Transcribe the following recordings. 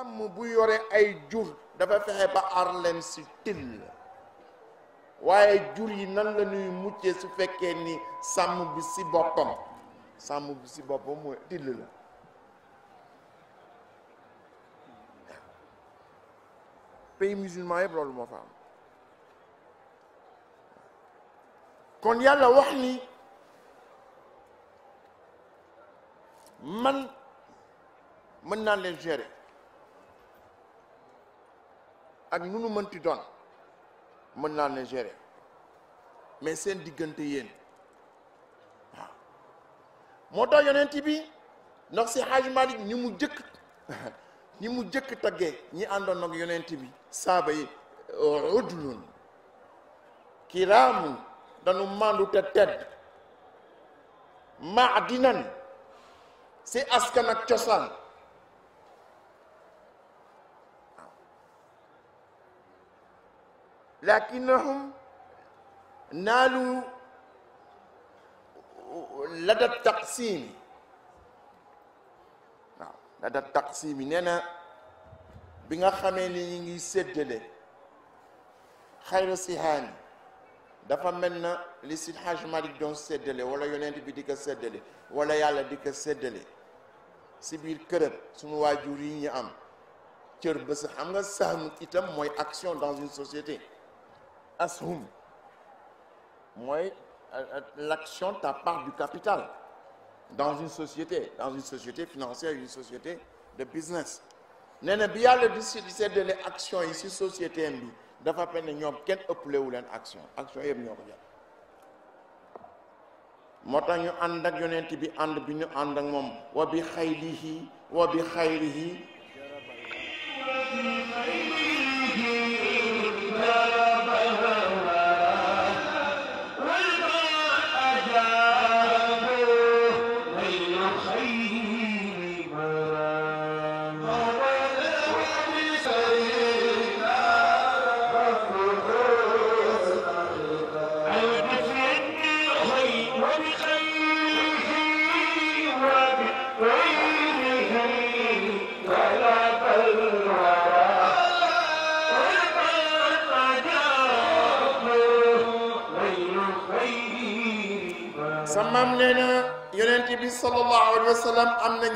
sàmm bu yore ay jur dafa fexe ba aar leen si till waaye jur yi nan la ñuy muccee su fekkee ni sàmm bi si boppam sàmm bi si boppam mooy till la pays musulman yëpp loolu moo fa am kon yàlla wax ni man mën naa leen gérer ak nu mënti doon mën naa leen mais seen diggante yéen waaw moo tax yonent bi ndox si Hajj Malik ñi mu jëkk ñi mu jëkk taggee ñi àndoon ak yonent bi saaba yi udlun euh, kiraamu dañu mandu te tedd maadinan si askan ak cosaan لكنهم نالوا لدى التقسيم waaw لدى التقسيم nee na bi nga xamee ni ñi ngi séddale xayru sihaani dafa mel na li si Hajj Malik doon séddale wala yonent bi di ko séddale wala yàlla di ko séddale si biir këram suñu waajur yi ñu am cër bés xam nga saam itam mooy action dans une société ashum mooy euh, euh, l'action ta part du capital dans une société dans une société financière une société de business nee na bi yàlla di séddale action yi si société bi dafa mel ne ñoom kenn ëpplewu leen action action yëpp ñoo ko jàpp moo tax ñu ànd ak yonent bi ànd bi ñu ànd ak moom wa bi xayrihi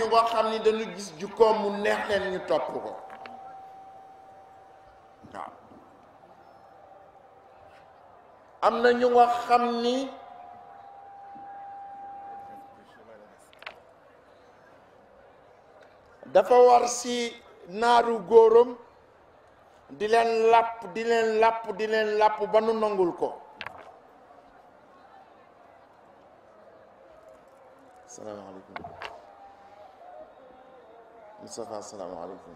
ñu nga xam ni dañu gis jukkoom mu neex leen ñu topp ko am na ñu nga xam ni dafa war si naaru góoram di leen làpp di leen làpp di leen làpp ba nu nangul ko Moustapha asalaamaaleykum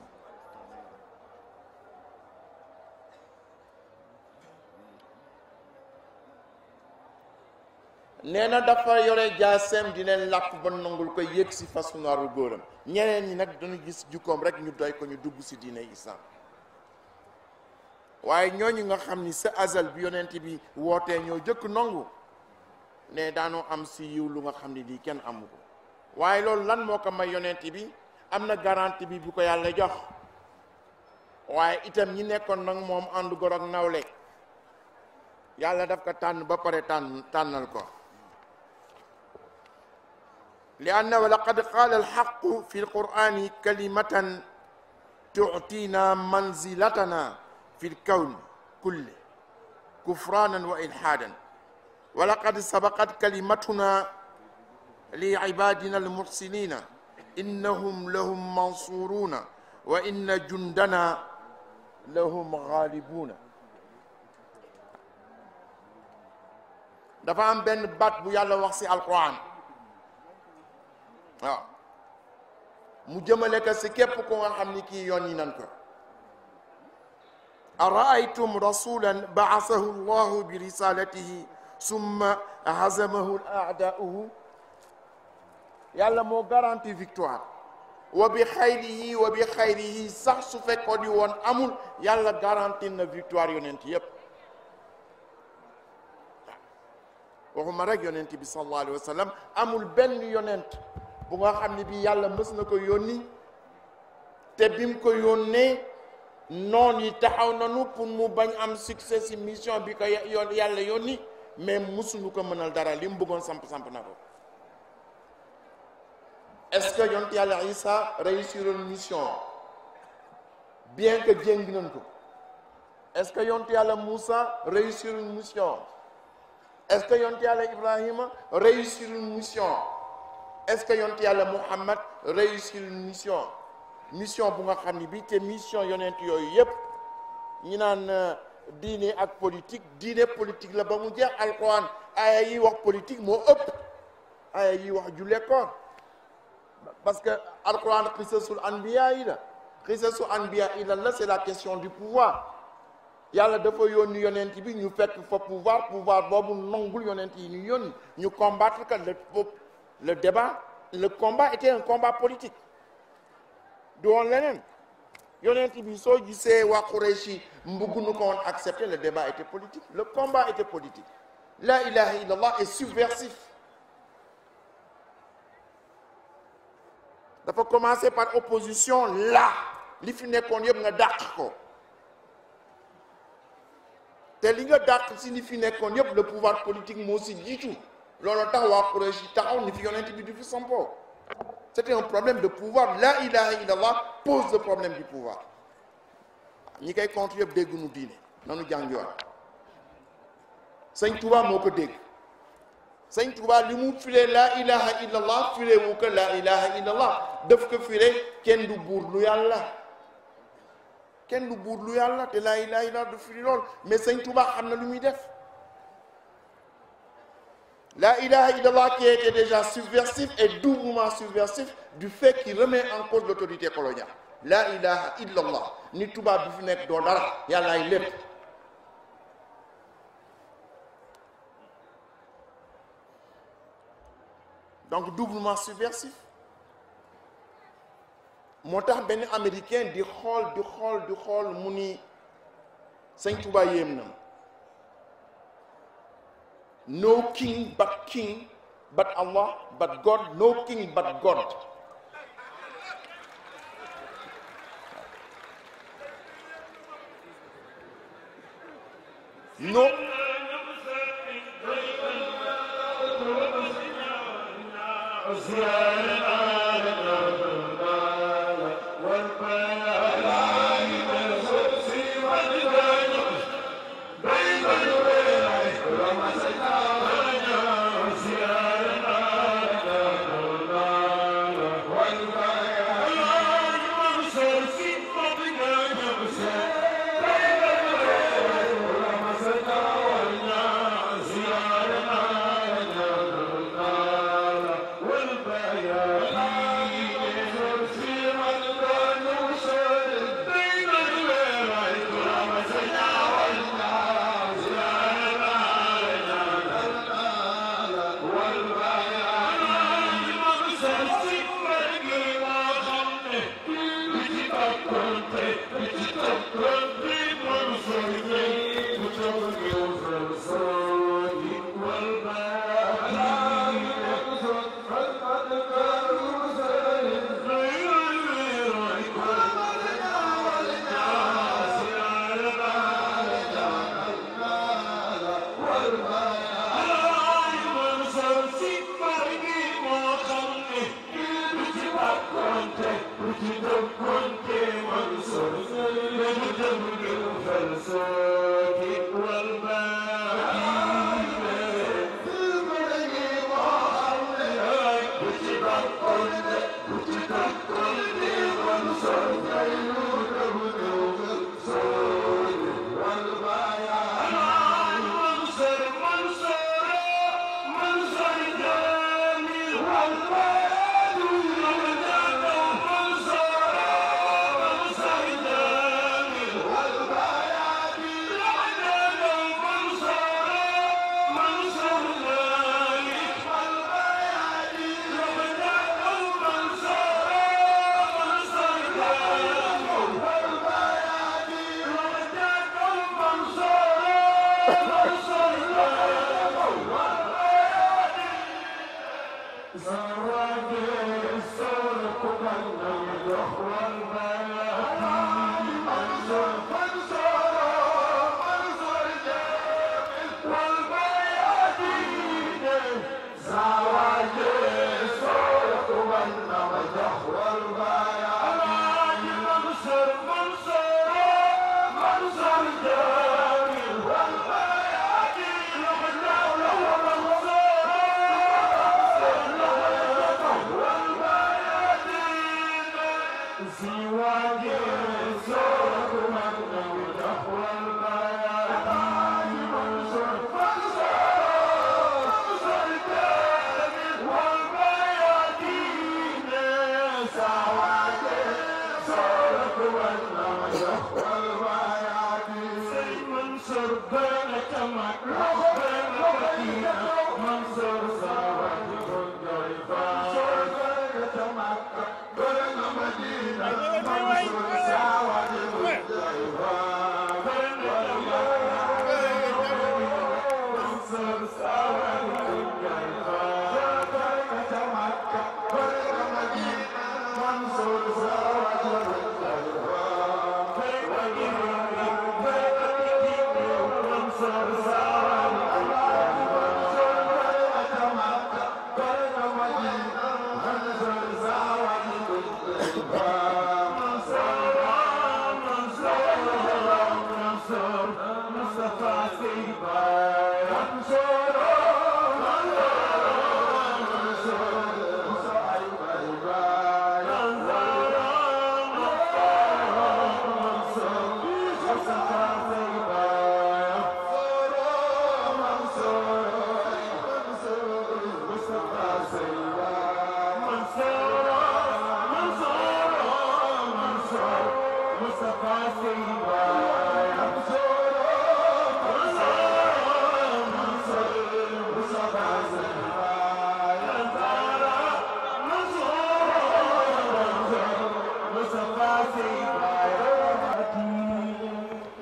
nee na dafa yore jaaseem di leen làkk ba nangul ko yéeg ci fasu naaru góoram ñeneen ñi nag dañu gis jukkoom rek ñu doy ko ñu dugg si diine islam waaye ñooñu nga xam ni sa azal bi yonent bi wootee ñoo jëkk nangu ne daanoo am si yiw lu nga xam ni lii kenn amu ko waaye loolu lan moo ko may yonent bi am na garantie bi bu ko yàlla jox waaye itam ñi nekkoon nag moom ànd gor ak nawle yàlla daf ko tànn ba pare tànn tànnal ko li annahu laqad qaala alxaqu fi lqurani kalimatan tutina manzilatana fi lkawn kulli kufranan wa ilhaadan wa laqad sabaqat kalimatuna li ibadina almursinina innahum lahum mansuruna wa inna jundana lahum ghalibuna dafa am benn baat bu yàlla wax ci alquran waaw mu jëmale ko ci képp ko nga xam ni kii yoon yi nan ko araaytum rasulan baasahu llahu bi risalatihi summa hazamahu aadaauhu yàlla moo garanti victoire wa bi xayrihi wa bi xayrihi sax su fekkoon ni woon amul yàlla garanti na victoire yonent yépp waxuma rek yonent bi sallallahu alayhi wa sallam amul benn yonent bu nga xam ne bi yàlla mës na ko yónni te bim ko yónnee noon yi taxaw nanu pour mu bañ am succès si mission bi ko yàlla yónni mais mësuñu ko mënal dara li mu bëggoon samp samp na ko est-ce que yonent yàlla Isa réussir une mission bien que jéng nañ ko est-ce que yonent yàlla Moussa réussir une mission est-ce que yonent yàlla Ibrahima réussir une mission est-ce que yonent yàlla Muhammad réussir une mission mission bu nga xam ni bi te mission yonent yooyu yépp ñi naan euh, diine ak politique diine politique la ba mu jeex alquran aaya yi wax politique moo ëpp aaya yi wax jullee koor parce que alquran qisasul anbiya yi anbiya yi lan la c'est la question du pouvoir yàlla dafa yónni yonent bi ñu fekk fa pouvoir pouvoir boobu nongul yonent yi ñu yónni ñu combattre que le le débat le combat était un combat politique du woon leneen yonent bi soo gisee waa Qurayshi mbugguñu ko woon accepter le débat était politique le combat était politique la ilaha illallah est subversif dafa commencer par opposition là li fi nekkoon yëpp nga dàq ko te li nga dàq si ni fi nekkoon yëpp le pouvoir politique moo si jiitu looloo tax waa Quraysh yi taxaw ni fi yonent bi du fi sampo c'était un problème de pouvoir la ilaha illallah pose le problème du pouvoir ñi koy contre yëpp dégg nu diine nanu jàng yoon sëñ Touba moo ko dégg sëñ Tuubaa li mu firee laa ilaha illallah firee wu ko laa ilaha illallah daf ko firee kenn du buur lu yàlla kenn du buur lu yàlla te laa ilaha illallah du firi lool mais sëñ Tuubaa xam na lu muy def la ilaha illallah qui était déjà subversif et doublement subversif du fait qu'il remet en cause l'autorité coloniale laa ilaha illallah ni Tuubaa du fu nekk doo yàlla yàllaay lépp donc doublement subversif moo tax benn américain di xool di xool di xool mu ni Sëñ Tuubaa yéem na ma no king but king but Allah but God no king but God no Rasulullah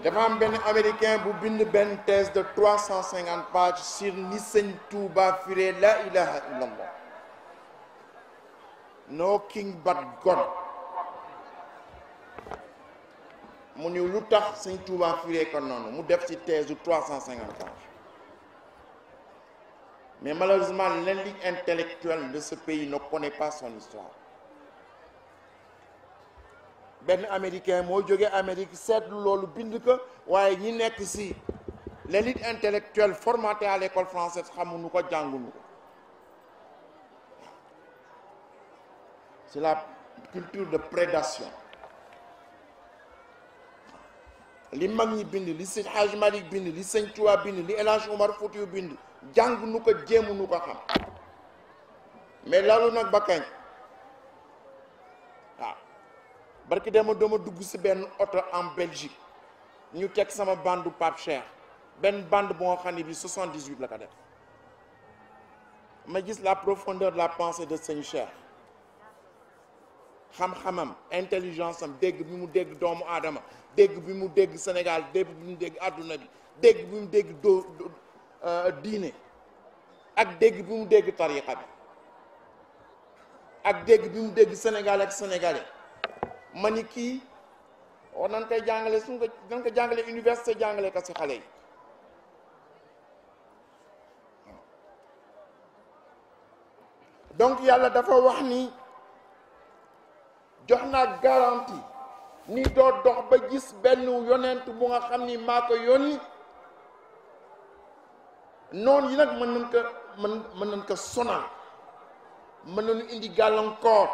dafa benn américain bu bind benn thèse de trois cent cinquante pages sur ni sëñ Touba firee la ilaha illallah no king but God mu ni lu tax sëñ Touba firee ko noonu mu def ci thèse de trois cent cinquante pages mais malheureusement l'élite intellectuelle de ce pays ne connaît pas son histoire benn américain moo jóge Amérique seetlu loolu bind ko waaye ñi nekk si l'élite intellectuelle formatée à l'école française xamuñu ko jànguñu ko c'est la culture de prédation li mag ñi bind li Seydi Hadji Malick bind li Sëñ Tuubaa bind li El Hadji Omar Foutiyu bind jànguñu ko jéemuñu ko xam mais loolu nag ba kañ barki dama dama dugg si benn oto en Belgique ñu teg sama bandu Pape chair benn bande boo xam ne bi 78 la ko def ma gis la profondeur la pensée de sëñ Cheikh xam-xamam intelligence am dégg bi mu dégg doomu aadama dégg bi mu dégg Sénégal dégg bi mu dégg àdduna bi dégg bi mu dégg doo euh, diine ak dégg bi mu dégg tarixa bi ak dégg bi mu dégg Sénégal ak sénégalais ma ni kii war nañ koy jàngale suñ ko dañ ko jàngale université jàngale ko si xale yi donc yàlla dafa wax ni jox naa garantie ni doo dox ba gis benn yonent bu nga xam ni maa ko yónni noon yi nag mën nañ ko mën mën nañ ko sonal mën nañu indi gàllankoor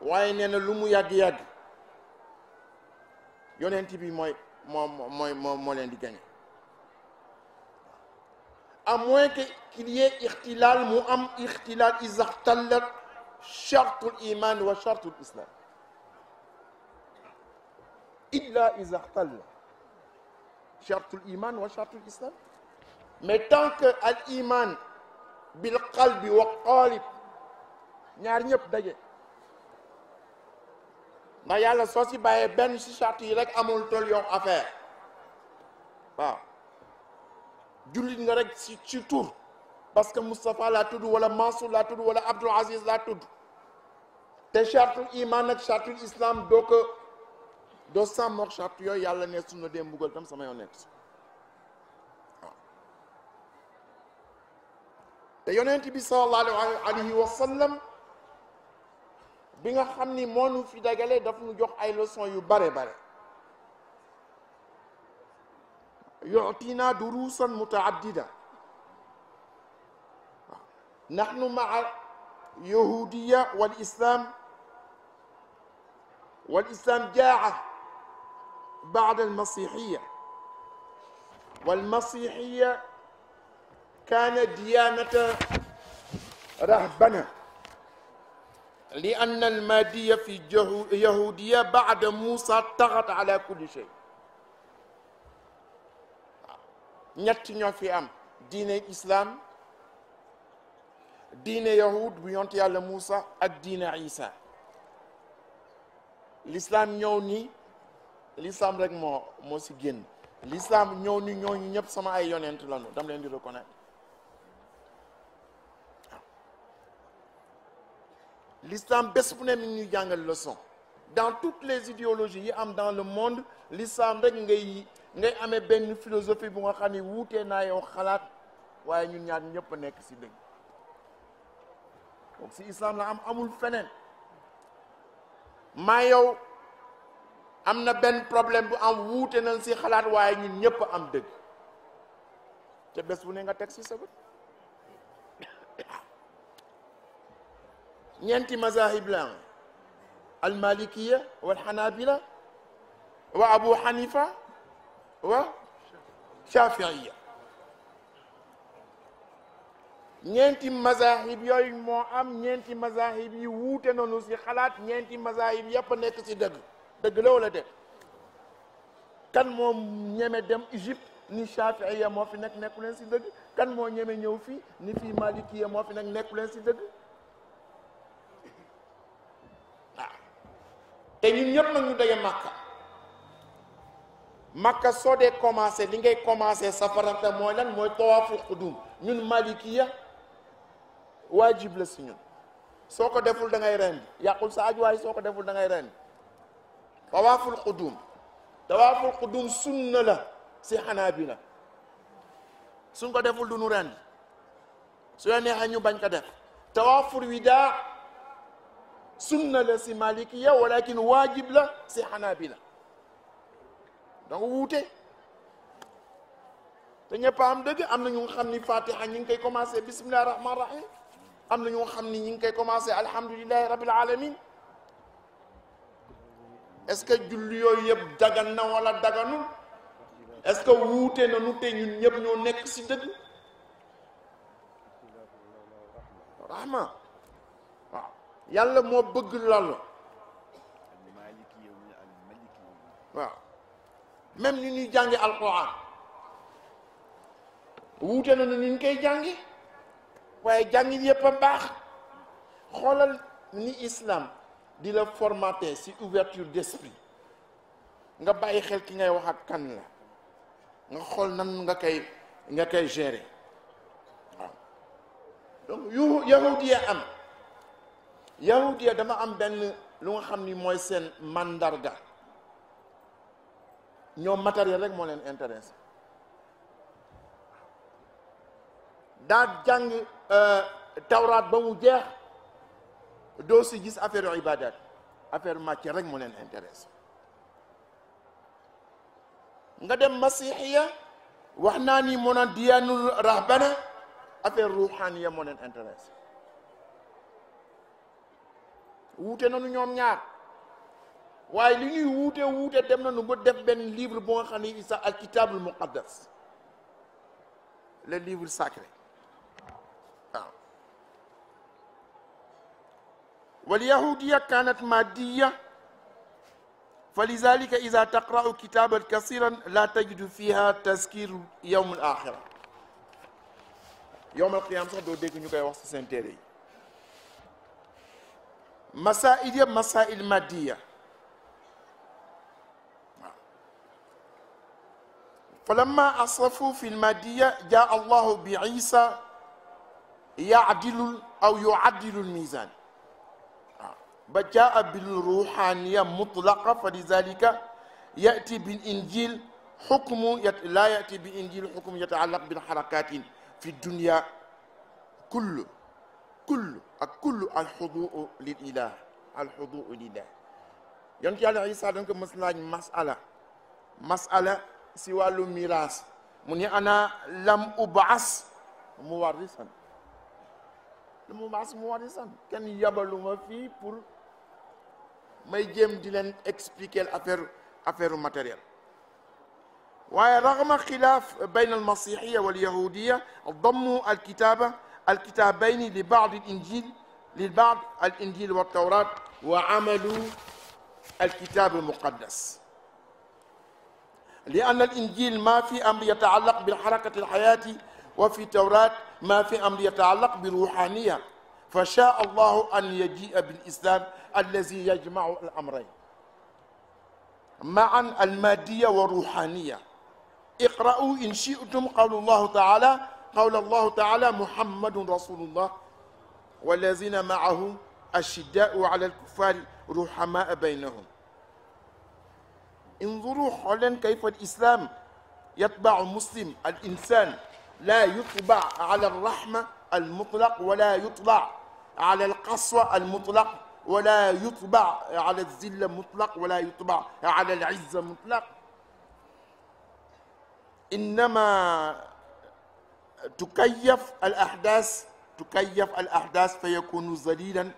waaye nee na lu mu yàgg-yàgg yonent bi mooy moo mooy moo moo leen di gañe à moins que qu'il y ait ixtilaal mu am ixtilaal iza xtallat chartul iman wa chartul islam illa iza xtalla chartul iman wa chartul islam mais tant que al iman bil qalbi wa qalib ñaar ñëpp daje ndax yàlla soo ci bàyyee benn si charte yi rek amul tol yow affaire waaw jullit nga rek ci tur parce que Moustapha laa tudd wala Mansour laa tudd wala Abdul Aziz laa tudd te chartul iman ak chartul islam doo ko doo yooyu yàlla ne suñu sama yoon nekk waaw te yonent bi sallallahu alayhi wa sallam bi nga xam ni moo nu fi dagale daf nu jox ay leçon yu bare bare yu'tina durusan mutaaddida nahnu maa yahudiya wal islam wal islam jaa baada almasihiya والمسيحية كانت ديانة رهبنة li anna almadiya fi yahudiya baada Moussa taxat ala kulli shay ñett ñoo fi am diine islaam diine yahud bu yont yàlla Moussa ak diine Isa l'islam ñëw ni l'islam rek moo moo si génn l'islam ñëw ni ñooñu ñëpp sama ay yonent lanu dam leen di reconnaître l'islam bés bu ne mi ñuy jàngal leçon dans toutes les idéologies yi am dans le monde l'islam rek ngay ngay amee benn philosophie bu nga xam ne wuutee naa yow xalaat waaye ñun ñaar ñëpp a nekk si dëgg donc si islam la am amul feneen maa yow am na benn problème bu am wuute nañ si xalaat waaye ñun ñëpp am dëgg te bés bu ne nga teg si sa ñeenti mazahib la am almalikiya wal xanabila wa abu xanifa wa shafiiya ñeenti mazahib yooyu moo am ñeenti mazahib yi wuute noonu si xalaat ñeenti mazahib yépp nekk si dëgg dëgg la wala de kan moom ñeme dem Égypte ni shafiiya moo fi nekk nekku si dëgg kan moo ñeme ñëw fii ni fii malikiya moo fi nekk leen si dëgg te ñun ñëpp nag ñu daje màkka makka soo dee commencé li ngay commencé safaranta mooy lan mooy tawaaful xudum ñun malikiya waajib la si ñun soo ko deful da ngay rendi yàqul sa aj waaye soo ko deful da ngay rendi tawaaful xudum tawaaful xudum sunna la si xanaa bi la suñ ko deful du nu rendi su la neexee ñu bañ ko def tawaaful widaa sunna la si malikiya walakin waajib la si la donc wuute te ñëpp am dëgg am na ñu nga xam ni fatiha ñi ngi koy commencé bismillahi rahmaani rahim am na ñu xam ni ñi ngi koy commencé alhamdulillahi rabbil alamin est-ce que julli yooyu yëpp dagan na wala daganul est-ce que wuute na nu te ñun ñëpp ñoo nekk si dëgg rahma yàlla moo bëgg loolu waaw même ni ñuy jàngi alquran wuute na nu koy jàngi waaye jàngi yépp a baax xoolal ni islam di la formaté ci ouverture d'esprit nga bàyyi xel ki ngay wax ak kan la nga xool nan nga koy nga koy gérer waaw donc yu yahudiya am yahud ya dama am benn lu nga xam ni mooy seen màndarga ñoom matériel rek moo leen intéressé daa jàng euh, tawraat ba mu jeex doo si gis affaire ibadat affaire matière rek moo leen intéressé nga dem masixiya wax naa ni moo naan diyaanul rahbana affaire ruuxaaniya moo leen intéressé wuute nañu ñoom ñaar waaye li ñuy wuute wuute dem nañu ba def benn livre bu nga xam ne isa al kitabul muqaddas le livre sacré waaw wal yahudiya kanat maddiya فلذلك إذا تقرأ كتابا كثيرا لا تجد فيها تذكير يوم الآخرة يوم القيامة sax doo ñu koy wax ci yi masail yëpp masail maddiya waaw falamma asrafu fi lmaddiya jaa allahu bi isa yaadilu aw yuaddilu lmisan waaw ba jaa bilruhaniya mutlaqa fa lidalika yati bilinjil xukmu la yati bilinjil xukmu yataallaq bilxarakatin fi dunia kullu kullu ak kullu alxuduu lil ilah alxuduu lillah yonent yàlla isa dañ ko mës laaj masala masala si wàllu miraas mu ni ana lam ubaas muwarisan lam ubaas muwarisan kenn yabaluma fii pour may jéem di leen expliquer affaire affaire matériel waaye raxma xilaaf bayn almasixiya walyahudiya dammu alkitaba الكتابين لبعض الإنجيل للبعض الإنجيل والتوراة وعمل الكتاب المقدس لأن الإنجيل ما في أمر يتعلق بالحركة الحياة وفي التوراة ما في أمر يتعلق بالروحانية فشاء الله أن يجيء بالإسلام الذي يجمع الأمرين معا المادية والروحانية اقرأوا إن شئتم قول الله تعالى قال الله تعالى محمد رسول الله والذين معه أشداء على الكفار رحماء بينهم انظروا حولا كيف الإسلام يطبع مسلم الإنسان لا يطبع على الرحمة المطلق ولا يطبع على القسوة المطلق ولا يطبع على الذلة مطلق ولا يطبع على العزة مطلق إنما تكيف الأحداث تكيف الأحداث فيكون ذليلا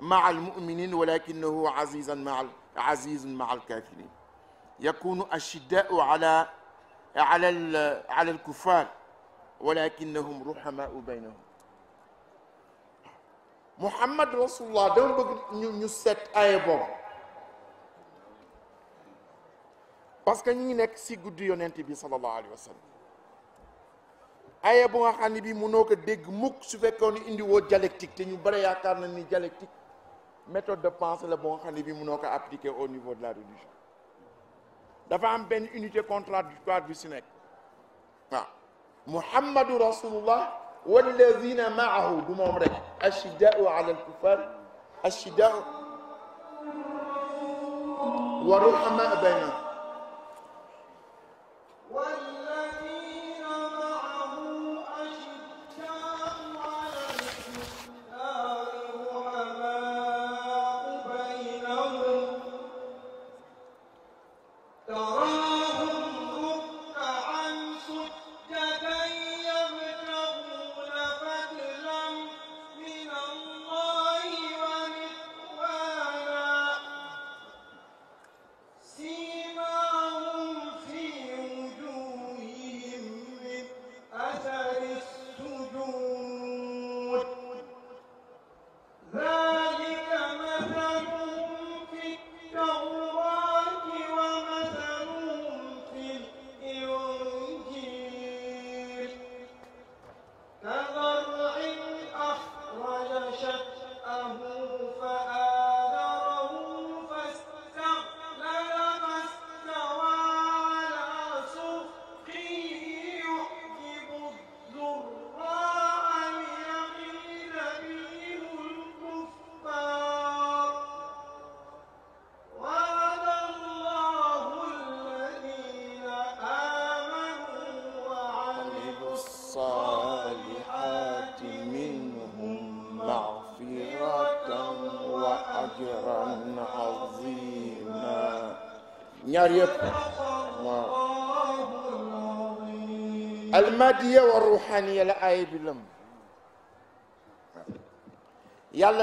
مع المؤمنين ولكنه عزيزا مع عزيز مع الكافرين يكون الشداء على على على الكفار ولكنهم رحماء بينهم محمد رسول الله dama bëgg ñu ñu seet aaya boobu parce que ñu ngi nekk si guddi yonent bi sallallahu alayhi wa sallam aya bu nga xam ne bii mënoo ko dégg mukk su fekkoon ni indi woo dialectique te ñu bare yaakaar na ni dialectique méthode de pensée la bu nga xam ne bii mënoo ko appliquer au niveau de la religion dafa am benn unité contradictoire bi si nekk waaw muhammadu rasulullah walladina maahu du moom rek ashidaau ala alkufar ashidaau wa ruhama baynahum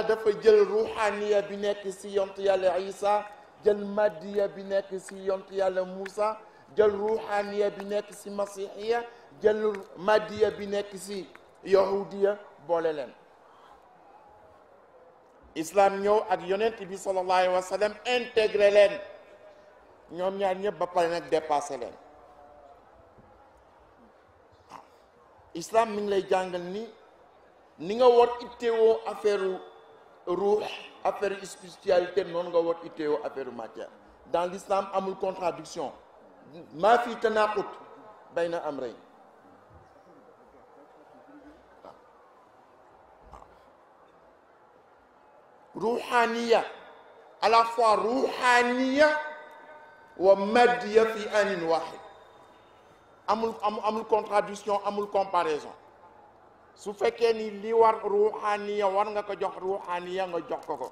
dafa jël ruuxaaniya bi nekk ci yontu yàlla Isa jël maddiya bi si yontu yàlla Moussa jël ruuxaaniya bi nekk si masihiya jël maddiya bi nekk si yahudiya boole leen islam ñëw ak yonent bi sallallahu alayhi wa sallam leen ñoom ñaar ñëpp ba pare nag dépassé leen islam mi ngi lay jàngal ni ni nga war ittewoo affaire ruux affaire spiritualité noonu nga war affaire matière dans l'islam amul contradiction maa fi tanaqut bay na am rey à la fois ruuxaaniya wa maddiya fi anin waxid amul contradiction amul comparaison su fekkee ni li war ruuxaaniya war nga ko jox ruuxaaniya nga jox ko ko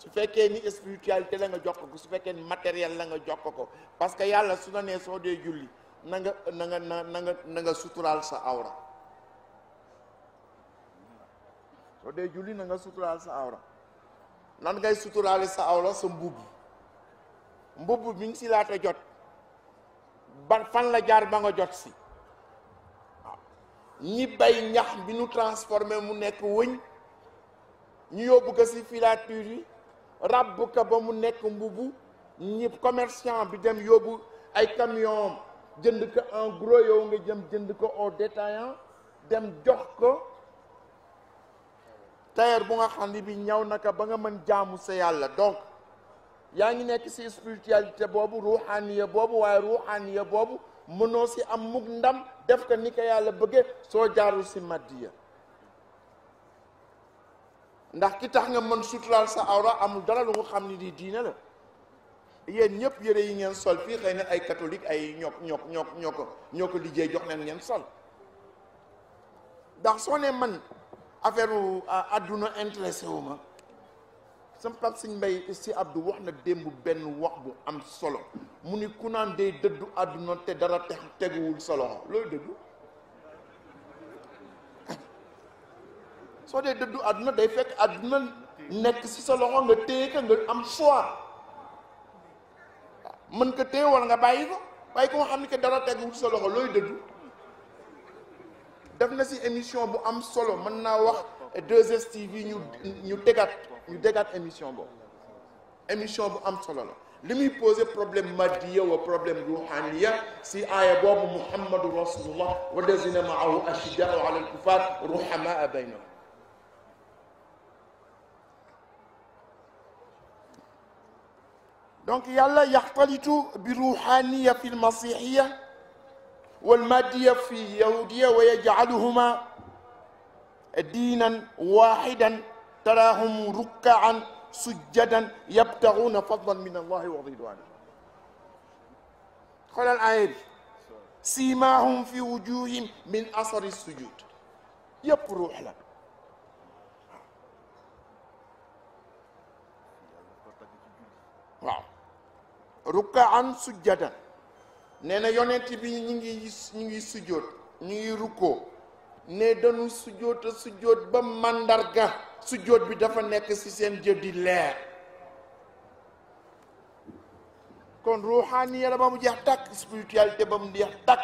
su fekkee ni spiritualité la nga jox ko su fekkee ni matériel la nga jox ko parce que yàlla su na nee soo dee julli na nga na nga na nga suturaal sa awra soo dee julli na nga suturaal sa awra nan ngay suturaale sa awra sa mbubb mbubb mi ngi si laata jot ban fan la jaar ba nga jot si ñi ay ñax bi ñu transformé mu nekk wëñ ñu yóbbu ko ci filature yi ràbb ko ba mu nekk mbubu ñi commerçant bi dem yóbbu ay camion jënd ko en gros nga jëm jënd ko au détaillant dem jox ko tailleur bu nga xam ne bi ñaw naka ba nga mën jaamu sa yàlla donc yaa ngi nekk ci spiritualité boobu ruuxaaniya boobu waaye ruuxaaniya boobu mënoo ci am mukk ndam def ko ni ko yàlla bëgge soo jaarul si maddiya ndax ki tax nga mën suturaal sa awra amul dara lu nga xam ni di diine la yéen ñëpp yére yi ngeen sol fii xëy na ay catholique ay ñokk ñokk ñokk ñoo ko ñoo ko liggéey jox leen ngeen sol ndax soo nee man affaire adduna intéressé wu ma sama pap siñ mbay si abdu wax na démb benn wax bu am solo mu ni ku naan day dëddu àdduna te dara te teguwul solo looy dëddu soo dee dëddu àdduna day fekk àdduna nekk si sa loxo nga téye ka nga am choix mën ko téye wala nga bàyyi ko waaye ko xam ne que dara teguwul sa loxo looy dëddu def na si émission bu am solo mën naa wax 2STV ñu ñu tegaat ñu tegaat émission boobu émission bu am solo la li muy posé problème madiya wa problème ruhaniya si aaya boobu muhammadu rasulullah walladina maahu ashidaau alkufar ruhamaa baynahum donc yàlla yaxtalitu bi ruhaniya fi lmasihiya walmadiya fi yahudiya wa yajcaluhuma diinan waahidan taraahum rukkaan sujjadan yabtaxuuna fadlan min allahi wa ridwana xoolal aaya bi fi wujuhim min asari sujud yëpp ruux la waaw rukkaan sujjadan nee na yonent bi ñu ngi ñu ngi sujjoot ngi rukkoo ne dañu sujjóota sujjóot ba màndarga sujjóot bi dafa nekk ci seen jëf di leer kon ruuxaaniya la ba mu jeex tàkk spiritualité ba mu jeex tàkk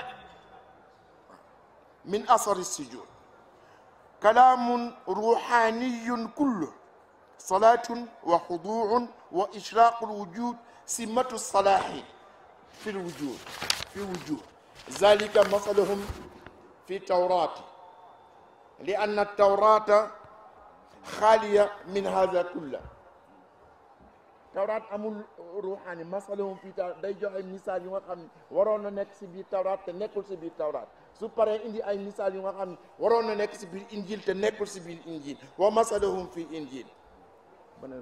min asari sujjóot kalaamun ruuxaaniyun kullu salaatun wa xuduucun wa ishraaqul wujuud simmatu salaaxi fi lwujuud fi lwujuud zalika masalahum fi tawraati li anna tawrata xaaliya min haza kulla tawraat amul ruuxaani masalahum fii ta day joxe misaal yu nga xam ne waroon na nekk si biir tawraat nekkul si biir tawraat su paree indi ay misaal yu nga xam ne waroon na nekk si biir injil te nekkul si biir injil wa masalahum fii injil bana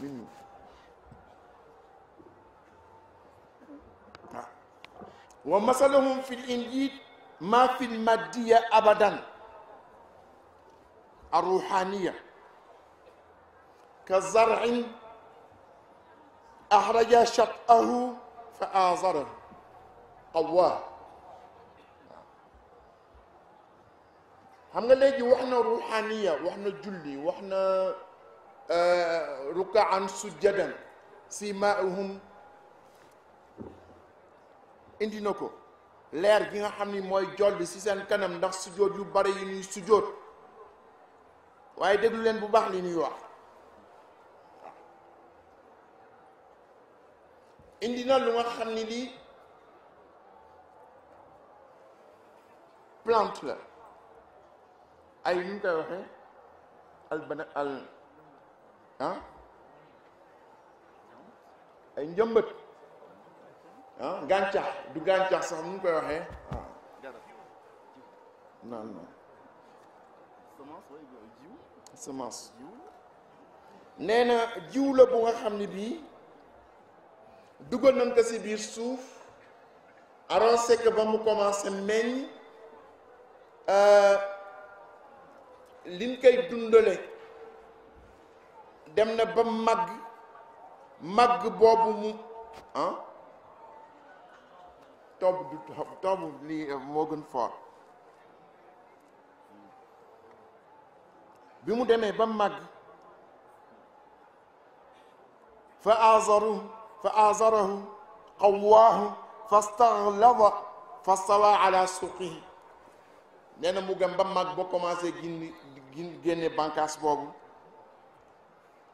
injil ما في المادية أبدا الروحانية كزرع أخرج شطأه فآزره قواه xam nga léegi wax na ruuxaniya wax na julli wax na eh, rukaan sujjadan simaahum indi na ko leer gi nga xam ni mooy jol bi ci seen kanam ndax sujjóot yu bari yi ñuy sujjóot waaye déglu leen bu baax li ñuy wax indi na lu nga xam ni lii plante la ay ñu koy waxee al bana al ah? ay njëmbët Ah, gàncax du gàncax sax nu ñu koy waxee waaw ah. non non semence na jiw la bu nga xam ne bii dugal nañ ko si biir suuf arrosé ko ba mu commencé meññ euh, liñ koy dundale dem na ba màgg màgg boobu mu ah, tomb du tomb lii moo gën fort bi mu demee ba màgg fa azaru fa azarahu qawwaahu fastaxlada fastawa ala suqihi nee na mu gëm ba màgg ba commencé gindi gin génne bànkaas boobu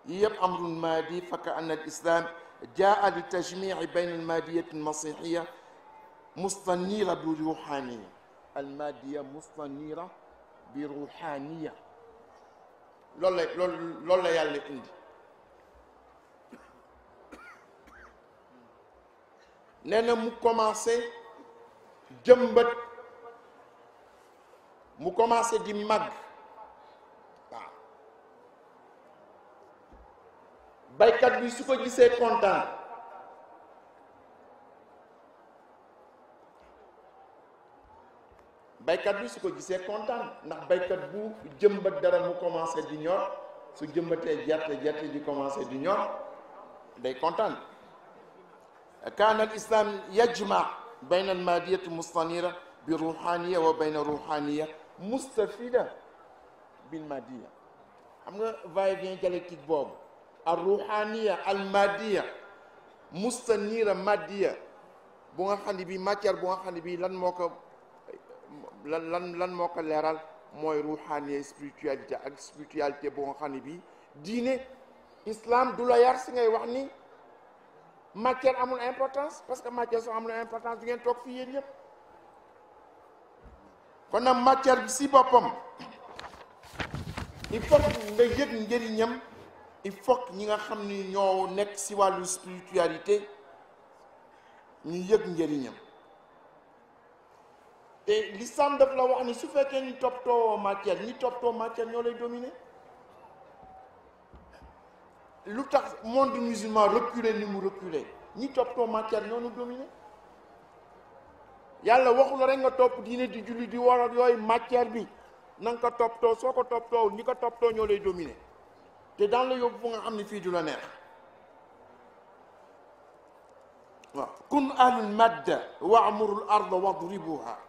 yi yëpp amrun maadi fa ka anna al islam jaa li tajmici bayna almaadiyati almasixiya مستنيرة بروحانية المادية مستنيرة بروحانية لولا لولا يالي عندي nee na mu commencé jëmbët mu commencé di màgg waaw baykat bi su ko gisee kontaan baykat bi su ko gisee kontaan ndax baykat bu jëmbat dara mu commencé di ñor su jëmbatee gerte gerte ji commencé di ñor day kontaan kaan al islam yajma bayna al madiyati mustanira bi ruhaniya mustafida bil madiya xam nga va-et-vient dialectique boobu al ruhaniya al madiya mustanira madiya bu nga xam ne bi matière bu nga xam ne bi lan moo ko lan lan lan moo ko leeral mooy ruuxaaniye spiritualité ak spiritualité boo nga xam ne bii diine islaam du la yar si ngay wax ni matière amul importance parce que matière sax amul importance du ngeen toog fii yéen yëpp kon nag matière bi si boppam il faut nga yëg njëriñam il faut ñi nga xam ni ñoo nekk si wàllu spiritualité ñu yëg njëriñam te l'islam daf la wax ni su fekkee ñu toppatoo matière ñi toppatoo matière ñoo lay dominer lu tax monde musulman reculé ni mu reculé ñi toppatoo matière ñoo ñu dominer yàlla waxul rek nga topp diine di julli di waral yooyu matière bi na nga ko toppatoo soo ko toppatoo ñi ko toppatoo ñoo lay dominer te daan la yóbbu nga xam ne fii du la neex waaw kun ahlul madda waamurul arda wadribuha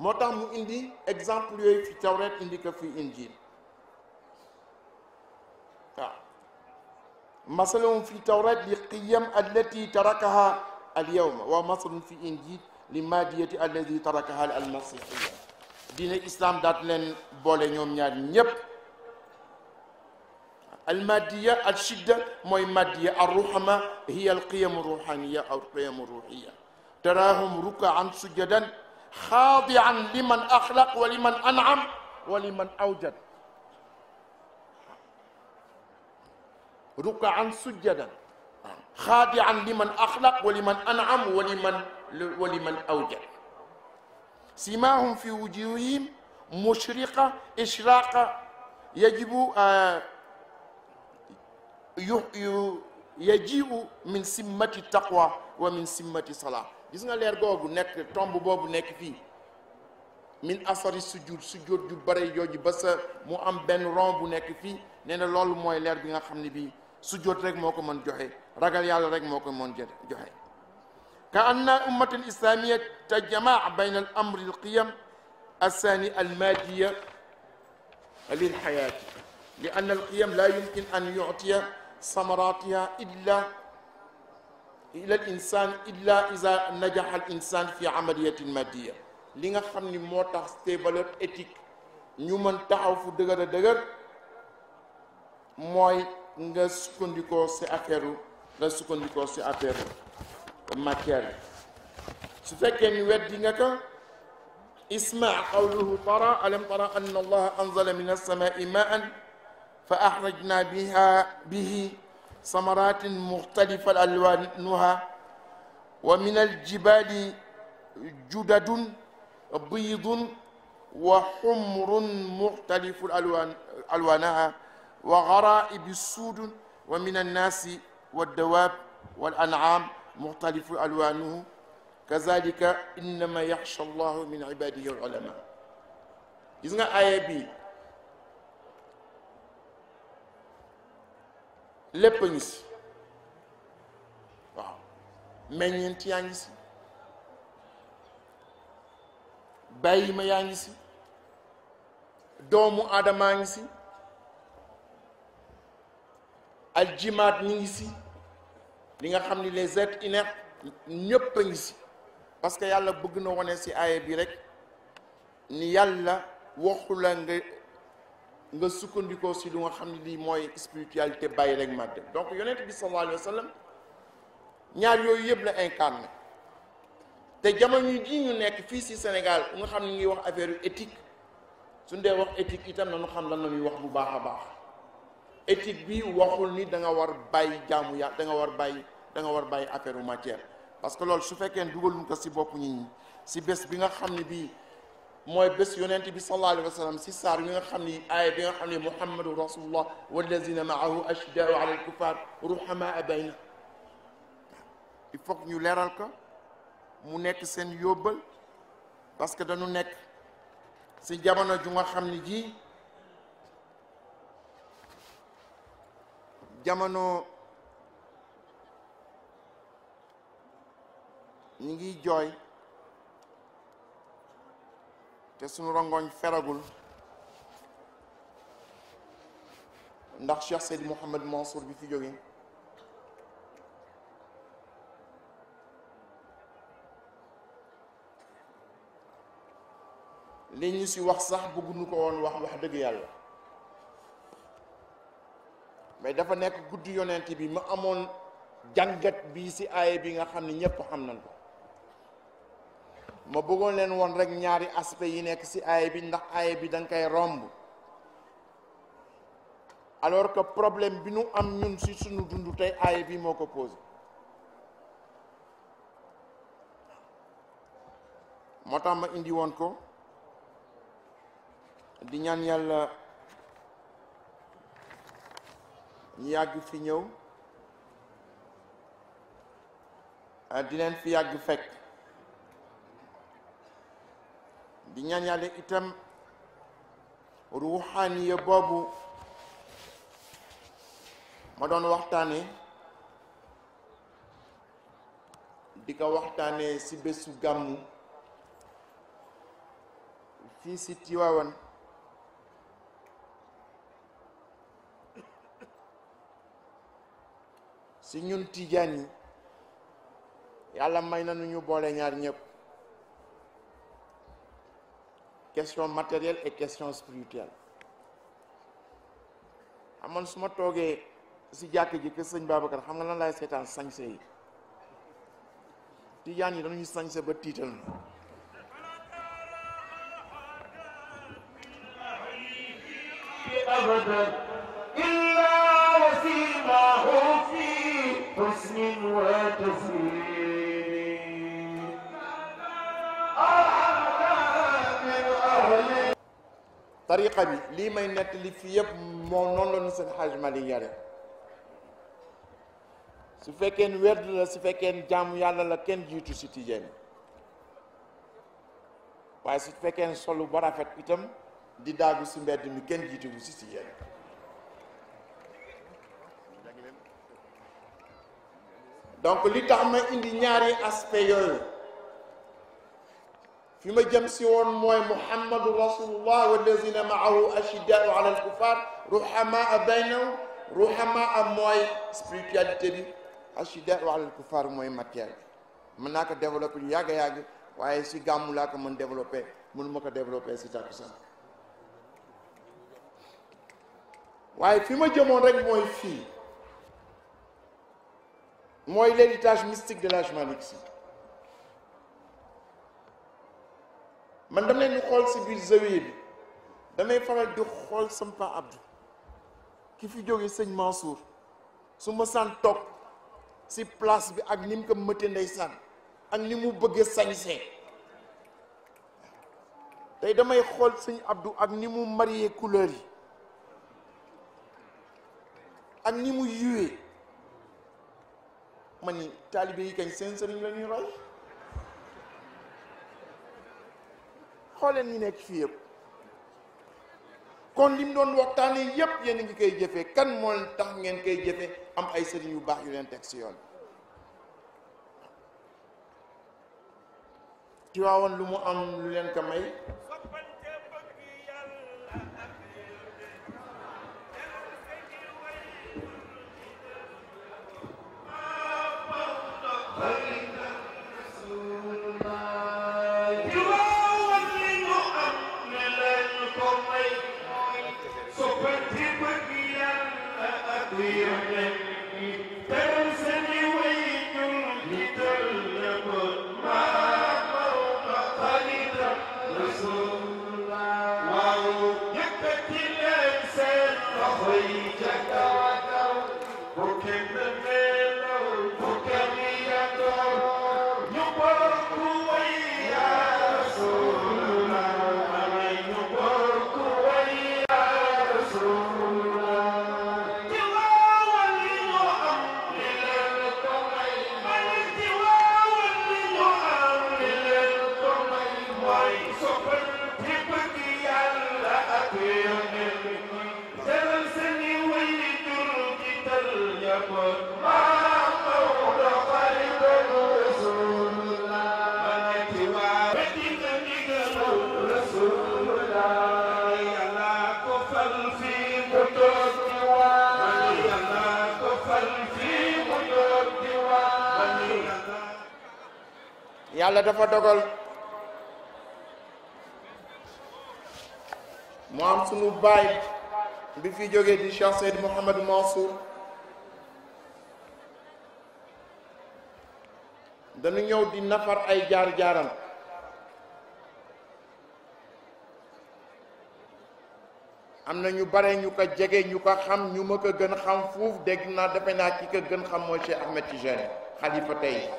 moo tax mu indi exemple yooyu fi tawret indi ko fi injil waaw masalum fi tawret li qiyam allati tarakaha al yawma wa masalum fi injil li madiyati allati tarakaha al almasihiya diine islam daat leen boole ñoom ñaar ñépp almadiya al shidda mooy madiya al ruhama hiya al qiyam ruhaniya aw qiyam ruhiya tarahum rukaan sujadan xaadian liman axlaq wa liman anam wa liman awjad rukaan sujjadan xaadian liman axlaq wa liman anam wa liman wa liman awjad simaahum fi wujuhihim mushriqa ishraqa yajibu uh, yajiu min simmati taqwa wa min simmati salah gis nga leer googu nekk tomb boobu nekk fii min asari sujud sujud ju bare jooju ba sa mu am benn rond bu nekk fii nee na loolu mooy leer bi nga xam ne bii sujud rek moo ko mën joxe ragal yàlla rek moo ko mën joxe ka anna ummata al islamia tajamac bayna al amri al qiyam alsani almaadiya lilxayaati li anna al qiyam la yumkin an yuctiya samaratiha illa ila al insan illa isa najaha al fi amaliyatin maddiya li nga xam ni moo tax te valeur éthique ñu taxaw fu dëgër a dëgër mooy nga sukkandikoo si affaire nga sukkandikoo si affaire matière su fekkee ni weddi nga ko isma tara alam tara anna allaha anzala min alsamai maan fa axrajna bihi ثمرات مختلف ألوانها ومن الجبال جدد بيض وحمر مختلف الألوان ألوانها وغرائب السود ومن الناس والدواب والأنعام مختلف ألوانه كذلك إنما يخشى الله من عباده العلماء gis nga aaya bi lépp a ngi si waaw meññeent yaa ngi si bàyyi yaa ngi si doomu aadamaa ngi si aljimaat ñi ngi si li nga xam ni les êtres inertes ñépp a ngi si parce que yàlla bëgg na wone si aaya bi rek ni yàlla waxu la nga nga sukkandikoo si lu nga xam ne lii mooy spiritualité bàyyi rek ma donc yonent bi sallallahu alayhi wa sallam ñaar yooyu yëpp la incarné te jamono ji ñu nekk fii si Sénégal nga xam ne ngi wax affaire yu éthique suñ dee wax éthique itam nañu xam lan la ñuy wax bu baax a baax éthique bi waxul ni da nga war bàyyi jaamu ya da nga war bàyyi da nga war bàyyi affaire u matière parce que loolu su fekkee dugaluñ ko si bopp ñu ñi si bés bi nga xam ne bii mooy bés yonent bi sallallahu alayhi wa sallam si saar yi nga xam ni aaya bi nga xam ni muhammadu rasulullah wallazina maahu ashdaau ala alkufar ruhamaa bayna il faut ñu leeral ko mu nekk seen yóbbal parce que dañu nekk si jamono ju nga xam ni ji jamono ñi ngi jooy te suñu rongoñ feragul ndax Cheikh Seydi Mouhamed Mansour bi fi jóge li ñu si wax sax bëgguñu ko woon wax wax dëgg yàlla mais dafa nekk guddi yonent bi ma amoon jàngat bi si aay bi nga xam ne ñépp xam nañ ko ma bëggoon leen woon rek ñaari aspect yi nekk ci aaya bi ndax aaya bi danga nga koy romb alors que problème bi nu am ñun ci suñu dund tey aaya bi moo ko posé moo tax ma indi woon ko di ñaan yàlla ñu yàgg fi ñëw ah, di leen fi yàgg fekk di ñaan yàlla itam ruuxaaniya boobu ma doon waxtaane di ko waxtaane ci bésu gàmmu fii ci Tiwaawan ci ñun tijaan yi yàlla may na nu ñu boole ñaar ñëpp question matériel et question spirituelle amoon su ma toogee si jàkk ji kër sëñ Babacar xam nga laay seetaan sañse yi tijaan yi dañuy sañse ba tiital na tariqa bi lii may nett li fi yëpp moom noonu la nu seen xaj mali yare su fekkee werd la su fekkee jàmm yàlla la kenn jiitu si tijaan waaye su fekkee solu ba rafet itam di daagu si mbedd mi kenn jiitu bu si tijaan donc li tax ma indi ñaari aspect yooyu fi ma jëm si woon mooy muhammadu rasulullah walladina maahu ashidaau ala alkufar ruhamaa baynahum ruhamaa mooy spiritualité bi ashidaau ala alkufar mooy matière bi mën naa ko développé lu yàgg yàgg waaye si gàmmu laa ko mën développé mënu ma ko développé si takkusaan waaye fi ma jëmoon rek mooy fii mooy l'héritage mystique de l'âge Malick Sy man dama leen xool si biir zawiya bi damay faral di xool sama pa Abdou ki fi jóge sëñ Mansour su ma saan toog si place bi ak ni mu ko mëte ndeysaan ak ni mu bëgg sañsee tey damay xool sëñ Abdou ak ni mu marié couleur yi ak ni mu yuwee man ni taalibe yi kañ seen sëriñ la ñuy roy xooleen ñi nekk fii yëpp kon li mu doon waxtaane yëpp yéen a ngi koy jëfee kan moo tax ngeen koy jëfee am ay sëriñ yu baax yu leen teg si yoon Tiwaawan lu mu am lu leen ko may ويجك dafa dogal mu am sunu baay bi fi jógee di Cheikh Seyd Mouhamadou Mansour dañu ñëw di nafar ay jaar-jaaram am na ñu bare ñu ko jege ñu ko xam ñu ma ko gën xam fuuf dégg naa defe naa ki ko gën xam mooy Cheikh Ahmed Tijani xalifa tey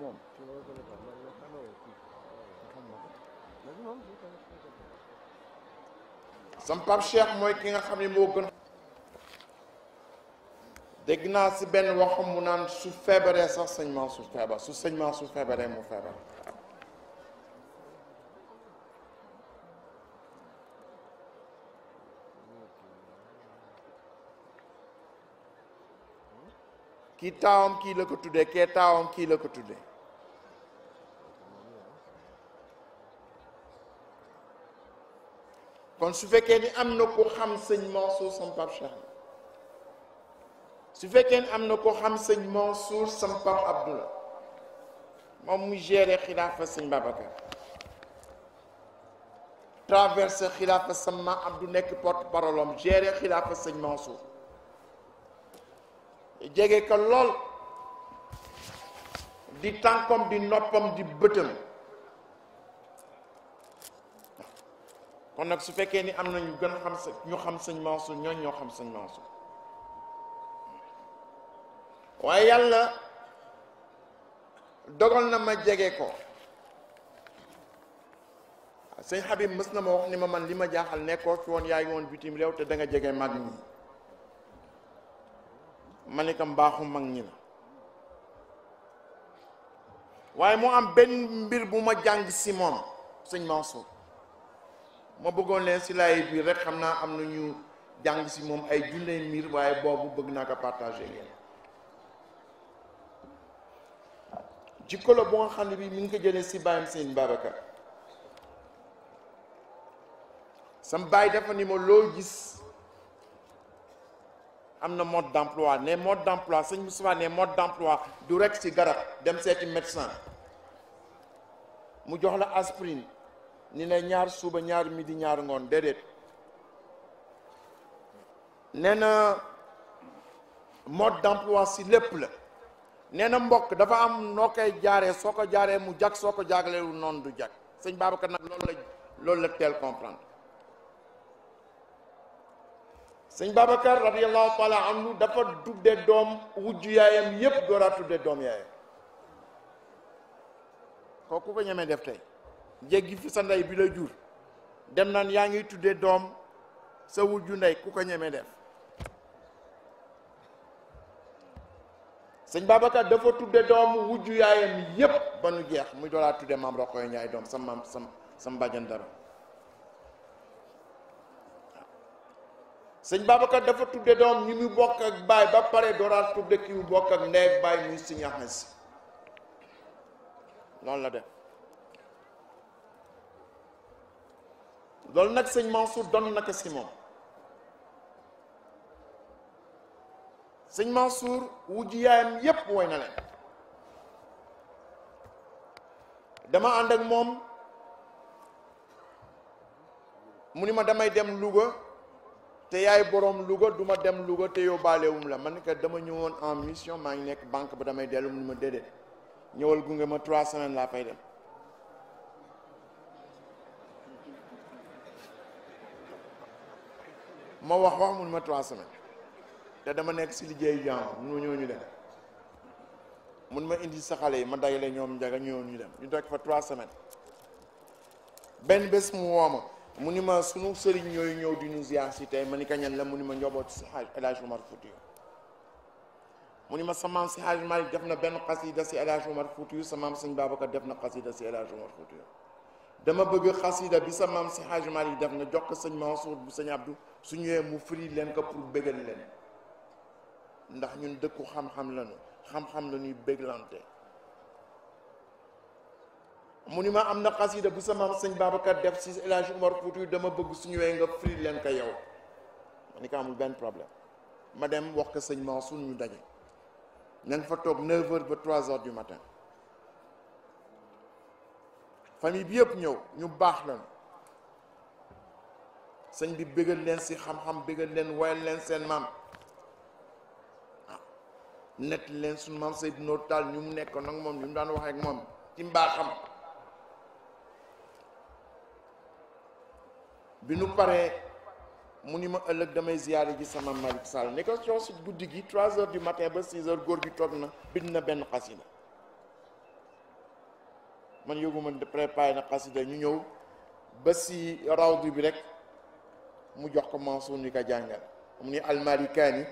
moom ci mooy ki nga xam ne moo gën dégg naa si benn waxam mu naan su feebaree sax sëñ su feebar su sëñ su feebaree mu feebar kii taawam kii la ko tuddee taawam kii la ko tuddee kon su fekkee ni am na ko xam sëñ Mansour sam pap su fekkee ni am na ko xam sëñ Mansour sam pap moom muy gérer xilaafa sëñ Babacar traverse xilaafa sam ma Abdou nekk porte parole am gérer xilaafa jege ko lool di tànkom di noppam di bëtam kon nag su fekkee ni am na ñu gën xam sa ñu xam sëñ Mansour ñooñ ñoo xam sëñ Mansour waaye yàlla dogal na ma jege ko sëñ Habib mës na ma wax ni ma man li ma jaaxal nekkoo fi woon yaa ngi woon bitim réew te danga jege mag ma ne mbaaxu mag ñi la waaye moo am benn mbir bu ma jàng si moom sëñ Mansour ma bëggoon leen si laay biir rek xam naa am na ñu jàng si moom ay junne mbir waaye boobu bëgg naa ko partagé ngeen jikko la bu nga xam ne bi mi ngi ko jëlee si baayam sëñ Babacar sam baay dafa ni ma loo gis am na mode d'emploi ne mode d'emploi sëñ Moustapha ne mode d'emploi du rek ci garab dem seeti médecin mu jox la aspirine ni la ñaar suuba ñaar midi ñaar ngoon déedéet nee na mode d'emploi si lépp la nee na mbokk dafa am noo koy jaaree soo ko jaaree mu jag soo ko jaagleelu noonu du jag sëñ Babacar nag loolu la loolu la teel comprendre sëñ Babacar radiallahu taala anhu dafa tudde doom wujju yaayam yépp dooraa tudde doom yaayam kooku ko ñemee def tey jéggi fi sa ndey bi la jur dem naan yaa ngi tudde doom sa wujju ndey ku ko ñemee def sëñ Babacar dafa tudde doom wujju yaayam yépp ba nu jeex muy dooraa tudde maam Roqoy Ñaay doom sa maam sam sëñ Babacar dafa tudde doom ñi mu bokk ak baay ba pare dooraat tudde ki mu bokk ak ndey ak baay muy Sëñ Ahmed Si loolu la def loolu nag sëñ Mansour doon naka si moom sëñ Mansour wujj yaayam yépp woy na leen dama ànd ak moom mu ni ma damay dem luga te yaay boroom Louga duma dem Louga te yóbbaalewum la man que dama ñëwoon en mission maa ngi nekk banque ba damay dellu mu ma déedéet ñëwal gunge ma trois semaines laa fay dem ma wax wax mun ma trois semaines te dama nekk si liggéey jàmm mun ma ñëw ñu dem mun ma indi sa xale yi ma dajale ñoom njaga ñëw ñu dem ñu toog fa trois semaines benn bés mu wooma mu ni ma sunu sëriñ yooyu ñëw di ñu ziar si tey ma ni ka ñan la mu ni ma njoboot si xaaj El Hadj Omar Fouti mu ni ma sa maam si Hadj Malick def na benn xasida si El Hadj Omar Fouti sa maam sëñ Babacar def na xasida si El Hadj Omar Fouti dama bëgg xasida bi sa maam si Hadj yi def na jox ko sëñ Mansour bu sëñ Abdou su ñëwee mu firi leen ko pour bégal leen ndax ñun dëkku xam-xam lañu xam-xam lañuy béglante mu ni ma am na xasida bu sama sëñ Babacar def si El Hadj Umar Fuuti dama bëgg suñu ñëwee nga firi leen ko yow ma ni ko amul benn problème ma dem wax ko sëñ Mansour ñu daje ña nga fa toog 9h ba 3h du matin famille bi yëpp ñëw ñu baax lan sëñ bi bégal leen si xam-xam bégal leen wayal leen seen maam ah, nett leen suñu maam Seydou Nour taal ñu mu nekk nag moom ñu mu daan wax ak moom ci mbaaxam. bi nu paree mu ni ma ëllëg damay ziyaare ji sama Malick Sall ne ko soo si guddi gi trois heures du matin ba six heures góor gi toog na bind na benn xasida man yóbbu ma préparé na xasida ñu ñëw ba si rawdu bi rek mu jox ko Mansour ni ko jàngal mu ni almarikaani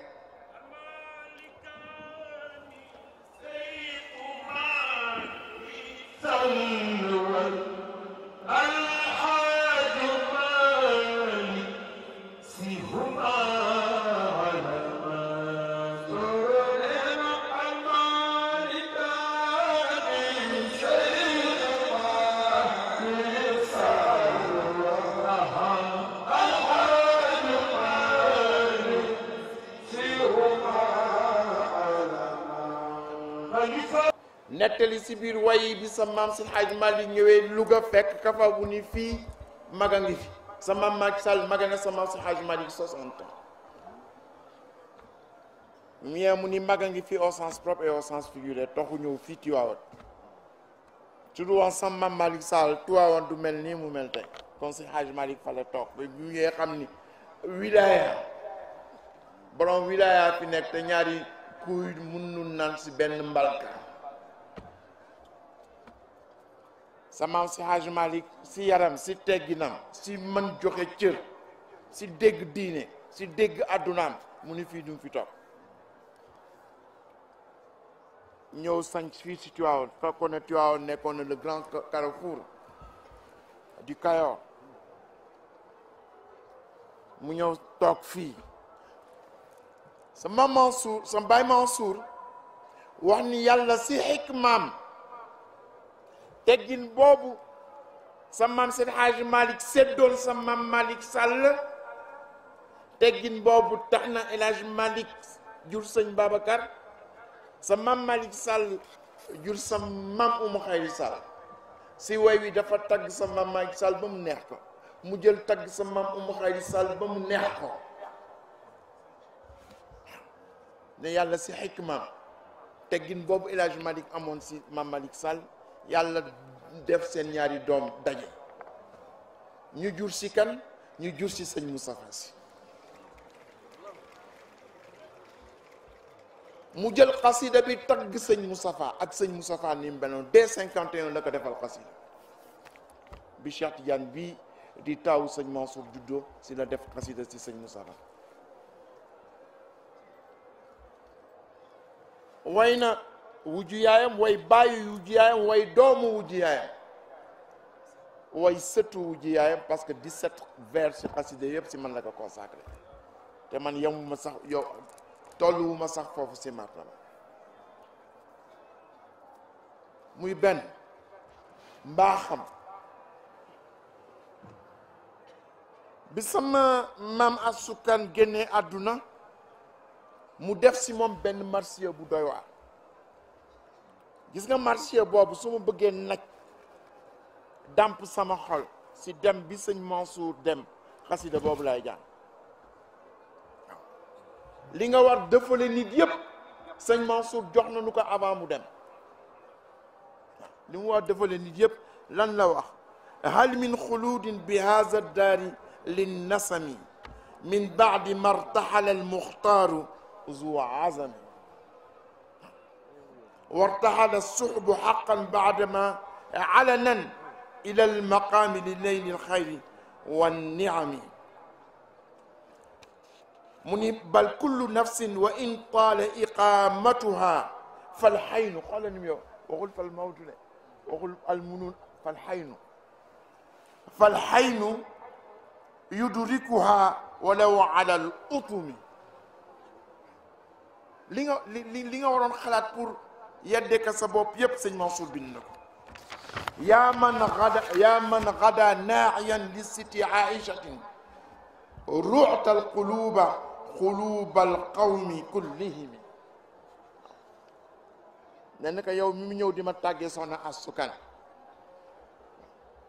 nettali si biir wayi bi sa maam si xaaj Malick ñëwee Louga fekk kafa bu ni fii maga ngi fi sa maam Macky Sall maga na sa mu ni maga ngi fi au sens propre et au sens figuré ñëw fii Tiwaawan su du woon sa maam Malick Sall Tiwaawan du mel nii mu mel tey kon si xaaj Malick fa la toog ba ngee xam ni wilaya borom wilaya fi nekk te ñaari kuy mun nun naan si benn mbalka sa maam si Hadj Malick si yaram si tegginam si mën joxe cër si dégg diine si dégg àddunaam mu ni fii du fi toog ñëw sanc fii si Tivaouane fekkoon na Tivaouane le grand carrefour du Kayor mu ñëw toog fii sa maam Mansour sa baay Mansour wax ni yàlla si xikmaam teggin boobu sa maam Seydi Hadji Malick seddoon sa maam Malick Sall teggin boobu tax na El Hadji Malick jur sëñ Babacar sa maam Malick Sall jur sa maam Umu Xayri si way wi dafa tagg sa maam Malick ba mu neex ko mu jël tagg sa maam Umu Xayri ba mu neex ko ne yàlla si xikmaam teggin boobu El malik amoon si maam Malick Sall yàlla def seen ñaari doom daje ñu jur si kan ñu jur ci sëñ Moustapha Sy mu jël xasida bi tagg sëñ Moustapha ak sëñ Moustapha ni mu meloon dès cinquante et un la ko defal xasida bi Cheikh Tidiane bi di taawu sëñ Mansour juddo ci la def xasida ci sëñ Moustapha way wujju yaayam way bàyyi wujju yaayam way doomu wujju yaayam way sëtu wujju yaayam parce que 17 vers ci xasida yëpp si man la ko consacré te man yemuma sax yow tolluwuma sax foofu si martaba muy benn mbaaxam bi sama maam asukan génnee àdduna mu def si moom benn marsiya bu doy waar gis nga marché boobu su ma bëggee nag dàmp sama xol si dem bi sëñ Mansour dem xasida boobu lay jàng li nga war dëfale nit yëpp sëñ Mansour jox na nu ko avant mu dem li mu war dëfale nit yëpp lan la wax hal min xuluudin bi haza daari lin nasami min baadi martaxala almuxtaaru zu azami وارتحل السحب حقا بعدما علنا إلى المقام لليل الخير والنعم من بل كل نفس وإن طال إقامتها فالحين قال نميو وقل فالموت له وقل المنون فالحين فالحين يدركها ولو على الأطم li nga li li nga waroon xalaat pour yedde ka sa bopp yépp sëñ Mansour bind na ko yaa man xada yaa man xada naaxiyan li siti aichatin ruuta alquluba xuluba alqawmi ne na ko yow mi mu ñëw di ma tàggee soxna assukan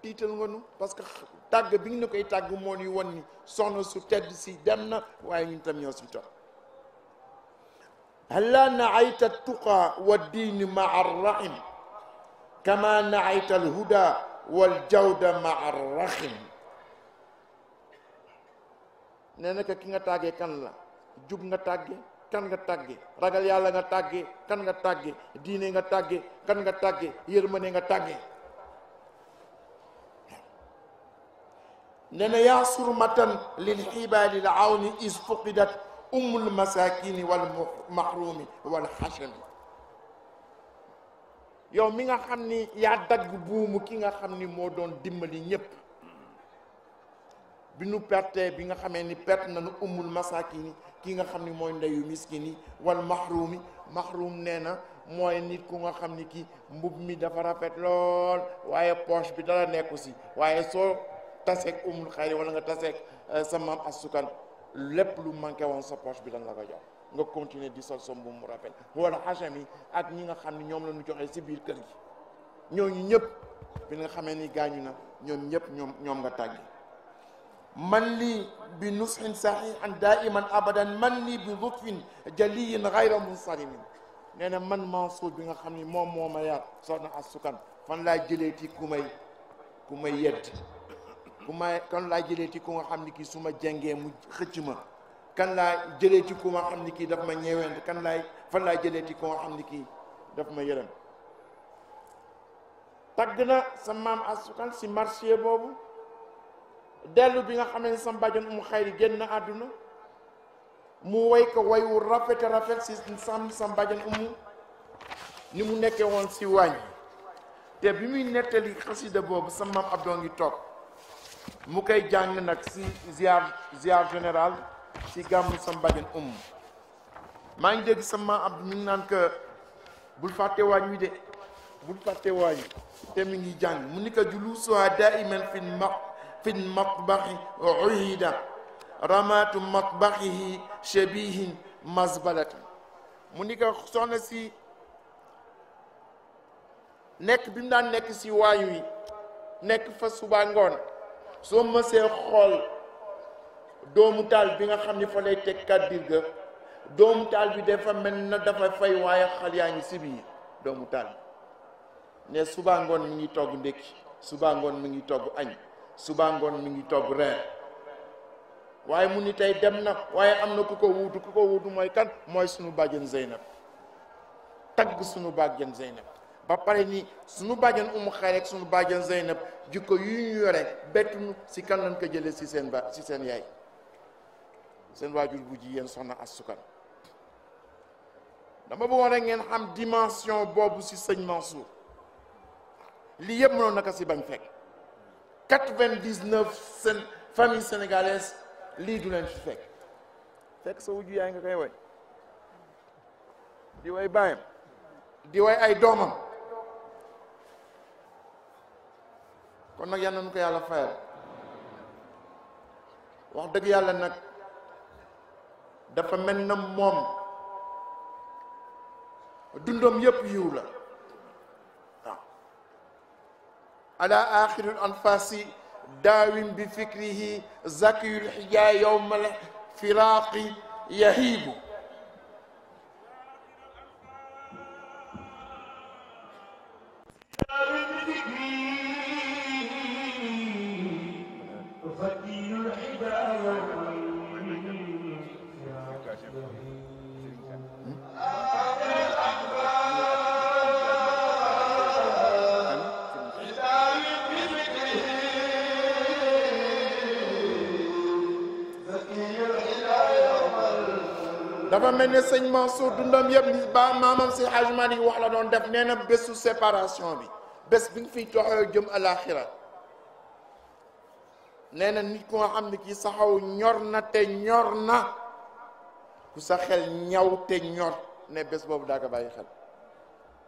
tiital nga nu parce que tàgg bi nga ne koy tàgg moo ni won ni soxna su tedd si dem na waaye ñun tam ñoo si toog هلا نعيت التقى والدين مع الرحم كما نعيت الهدى والجود مع الرحم نانك كيغا تاغي كان لا جوب nga tàgge kan nga tàgge ragal yàlla nga tàgge kan nga tàgge diine nga tàgge kan nga tàgge yërmande nga tàgge nee na yaa surmatan lil xibaali l awni is fuqidat ummul masakini wal maxrumi wal xachami yow mi nga xam ni yaa dagg buumu ki nga xam ni moo doon dimbali ñépp bi nu pertee bi nga xamee ni perte nañu ummul masakini ki nga xam ni mooy ndeyu miskin yi wal maxrumi maxrum nee na mooy nit ku nga xam ni ki mbub mi dafa rafet lool waaye poche bi dara nekku si waaye soo taseeg ummul xayri wala nga taseek eh, sa maam asukan lépp lu manqué woon sa poche bi lan la ko jox nga continuer di sol somb mu rafet wala xacham yi ak ñi nga xam ne ñoom la ñu joxee si biir kër gi ñooñu ñëpp bi nga xamee ni gaañu na ñoom ñëpp ñoom ñoom nga tàggi man lii bi nusxin saxihan daiman abadan man lii bi lutfin jaliyin gayra munsalimin nee na man Mansour bi nga xam ni moom moo ma yar soxna asukan fan laa jëlee ti ku may ku may yedd ku may kan laa jëlee ci ku nga xam ni kii su ma mu xëcc ma kan laa jëlee ci ku nga xam ni kii daf ma ñeewent kan laay fan laa jëlee ci ku nga xam ni kii daf ma yërëm tagg na sa maam asukan si marché boobu dellu bi nga xam sa mbajon um xayri génn àdduna mu way ko wayu rafete sam sa mbajon umu ni mu nekkee woon si wàññi te bi muy nettali xasida boobu sa maam abdoo ngi toog mu koy jàng nag si ziar ziar général si gàmm sa mbajan umm maa ngi dégg sama ab mi ngi naan que bul fàtte waañ wi de bul fàtte waañ te mi ngi jàng mu ni ko julusuha daiman fi ma fi matbaxi uhida ramatu matbaxihi shabihin masbalati mu ni soxna si nekk bi mu daan nekk si waañ wi nekk fa suba ngoon soo mësee xool doomu taal bi nga xam ni fa lay teg kàddir ga doomu taal bi dafa mel na dafa fay waaye xal yaa ngi si biir doomu taal bi ne subaa ngoon mi ngi togg ndékki subaa ngoon mi ngi togg añ subaa ngoon mi ngi togg reer waaye mu ni tey dem na waaye am na ku ko wuutu ku ko wuutu mooy kan mooy sunu bàjjen Zeynab tagg sunu bàjjen Zeynab ba pare ni suñu bàjjan umu xayri ak suñu bàjjan zeynab jikko yu ñu yore bettuñu ci kan lañ ko jëlee si seen ba ci seen yaay seen waajur bu jigéen soxna asukan dama bëggoon rek ngeen xam dimension boobu ci sëñ Mansour lii yëpp mënoon naka si bañ fekk quatre-vingt-dix-neuf seen famille sénégalaise lii du leen si fekk fekk sa wujju yaay nga koy way di way baayam di way ay doomam kon nag yal nañu ko yàlla fayal wax dëgg yàlla nag dafa mel na moom dundoom yëpp yiw la waaw ala axirul anfasi daawim bi fikrihi zakiyul xijaay yowmal firaaqi yahiibu nañ ne sëñ Mansour dundam yëpp ba maamam si Hajj Malick wax la doon def nee na bésu séparation bi bés bi nga fiy toxoo jëm alaxira nee na nit ku nga xam ne kii saxaw ñor na te ñor na ku sa xel ñaw te ñor ne bés boobu daa ko bàyyi xel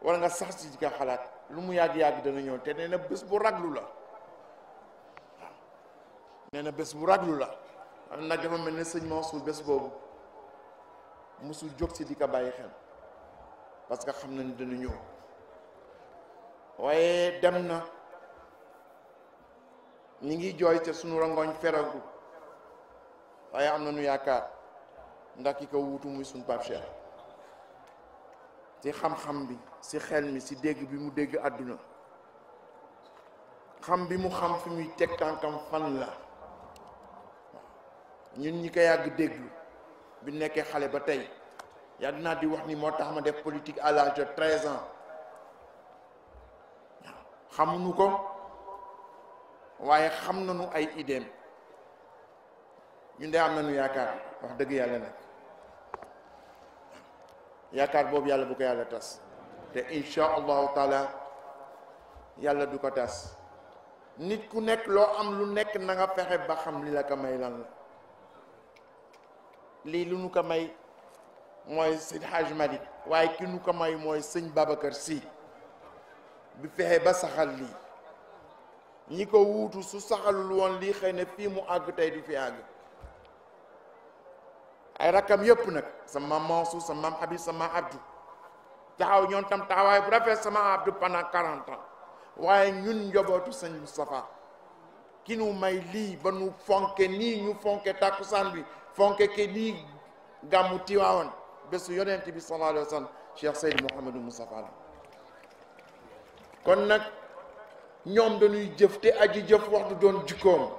wala nga sax si di xalaat lu mu yàgg-yàgg dana ñëw te nee na bés bu raglu la waaw nee na bés bu raglu la nag dafa mel ne sëñ Mansour bés boobu mosul jóg si di ko bàyyi xel parce que xam na ni dana ñëw waaye dem na ñi ngi jooy te sunu rangoñ feragu waaye am na nu yaakaar ndax ki ko wuutu muy sunu Pape Cheikh si xam-xam bi si xel mi si dégg bi mu dégg àdduna xam bi mu xam fi muy teg tànkam fan la ñun ñi ko yàgg dégg bi nekkee xale ba tey yàgg naa di wax ni moo tax ma def politique à l'âge de treize ans xamuñu ko waaye xam nu ay idéem ñu de am nañu yaakaar wax dëgg yàlla nag yaakaar boobu yàlla bu ko yàlla tas te insha allahu taala yàlla du ko tas nit ku nekk loo am lu nekk na nga fexe ba xam li la ko may lan la lii lu nu ko may mooy sëñ Hajj Malick waaye ki nu ko may mooy sëñ Babacar Sy bi fexe ba saxal lii ñi ko wuutu su saxalul woon lii xëy na fii mu àgg tey di fi àgg ay rakkam yépp nag sama maam Mansour sama maam sama maam Abdou taxaw ñoom tam taxawaay bu rafet sama Abdou pendant 40 ans waaye ñun njobootu sëñ Moustapha ki nu may lii ba nu fonke nii ñu fonke takkusaan bi fonke ke nii gàmmu Tiwaawan bésu yonent bi sallallahu alayhi wa sallam Seyd Mouhamadou Moustapha kon nag ñoom dañuy jëf te aji jëf wax doon jikkoom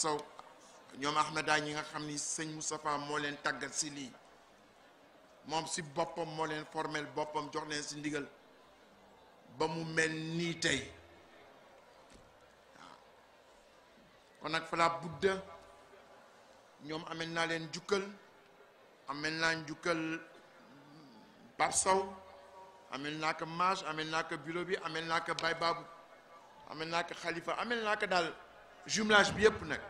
Sow ñoom Ahmada ñi nga xam ni sëñ Moustapha moo leen tàggat si lii moom si boppam moo leen formel boppam jox leen si ndigal ba mu mel nii tey kon nag fala budda ñoom amel naa leen jukkal amel naa njukkal Pape Sow amel naa ko mage amel naa ko bureau bi amel naa ko Baye Babou amel naa ko Khalifa amel naa ko daal jumelage bi yépp nag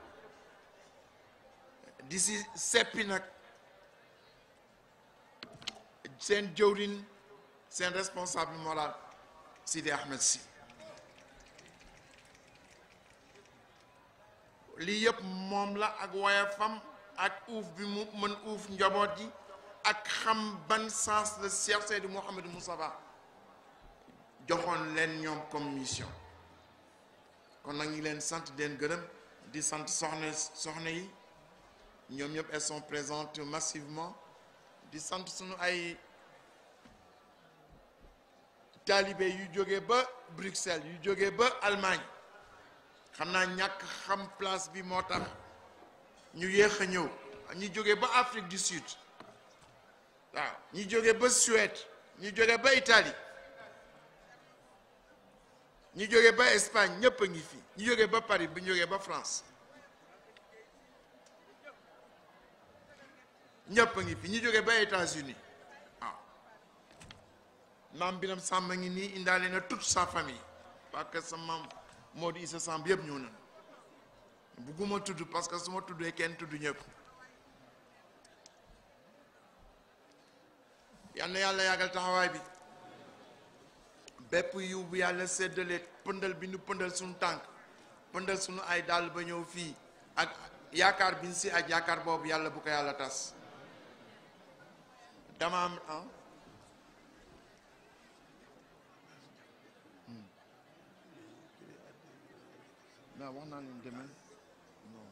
di si seppi nag seen jëwriñ seen responsable moral Sidi Ahmed Sy lii yëpp moom la ak woyafam ak uuf bi mu mën uuf njaboot ji ak xam ban sens la Cheikh Seydou Mouhamadou Moustapha joxoon leen ñoom comme kon nag ñi leen sant di leen gërëm di sant soxna soxna yi ñoom ñëpp elles sont présentes massivement di sant suñu ay taalibe yu jógee ba Bruxelles yu jógee ba Allemagne xam naa ñàkk xam place bi moo tax ñu yéex a ñëw ñu jóge ba Afrique du Sud waaw ñu jóge ba Suède ñu jógee ba Italie ñu jóge ba Espagne ñëpp a ngi fii ñu jógee ba Paris bu ñu jógee ba France ñëpp a ngi fi ñu jógee ba États-Unis waaw ah. maam Biram Samb ngi nii indaale na toute sa famille parce que sama maam Modou Issa Samb yëpp ñëw na bugguma tudd parce que su ma tuddee kenn tudd ñëpp yal na yàlla yàggal taxawaay bi. bépp yiw bu yàlla séddale pëndal bi nu pëndal suñu tànk pëndal suñu ay dàll ba ñëw fii ak yaakaar biñ si ak yaakaar boobu yàlla bu ko yàlla tas dama am ah hmm. wax naa leen demee non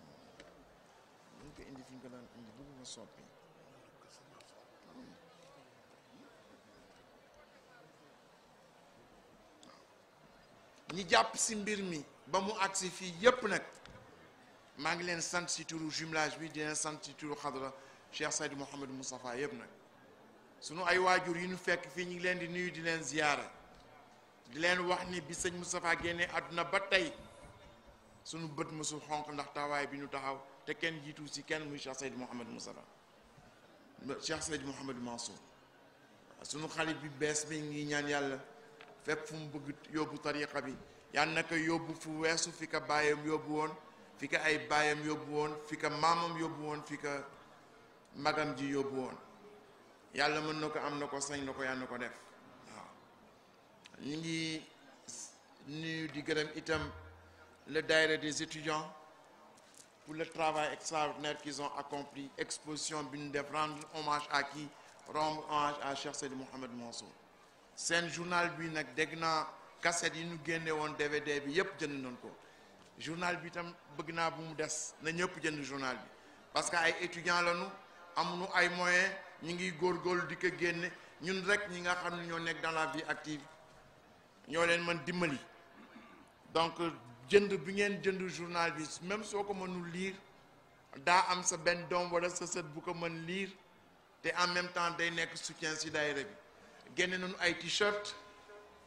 ñu indi fi ñu daan indi bëgg nga soppi ñi jàpp si mbir mi ba mu agsi fii yépp nag maa ngi leen sant si turu jumelage bi di leen sant si turu xadra Cheikh Seydou Mouhamadou Moustapha yépp nag sunu ay waajur yu ñu fekk fii ñu ngi leen di nuyu di leen ziyaara di leen wax ni bi sëñ Moustapha génnee àdduna ba tey sunu bët mësul xonq ndax taxawaay bi ñu taxaw te kenn jiitu ci kenn muy Cheikh Seydou Mouhamadou Moustapha Cheikh Seydou Mouhamadou Mansour xalit bi bees bi ngi ñaan yàlla fépp fu mu bëgg yóbbu tariqa bi yal na ko yóbbu fu weesu fi ka baayam yóbbu woon fi ka ay baayam yóbbu woon fi ka maamam yóbbu woon fi ka magam ji yóbbu woon yàlla mën na ko am na ko sañ na ko yal na ko def waaw ñu ngi nuyu di gërëm itam le daayira des étudiants pour le travail extraordinaire qu'ils ont accompli exposition bi ñu def rendre hommage à kii rendre hommage à Cheikh Seydi Mouhamed Mansour seen journal bi nag dégg naa cassette yi ñu génne woon DVD bi yëpp jënd nañ ko journal bi tam bëgg naa bu mu des na ñëpp jënd journal bi parce que ay étudiants am amuñu ay moyens ñu góor góorgóorlu di ko génne ñun rek ñi nga xam ne ñoo nekk dans la vie active ñoo leen mën dimbali donc jënd bi ngeen jënd journal bi même soo ko mënul lire daa am sa benn doom wala sa sët bu ko mën liir te en même temps day nekk soutien si daayira bi génne nu ay t-shirt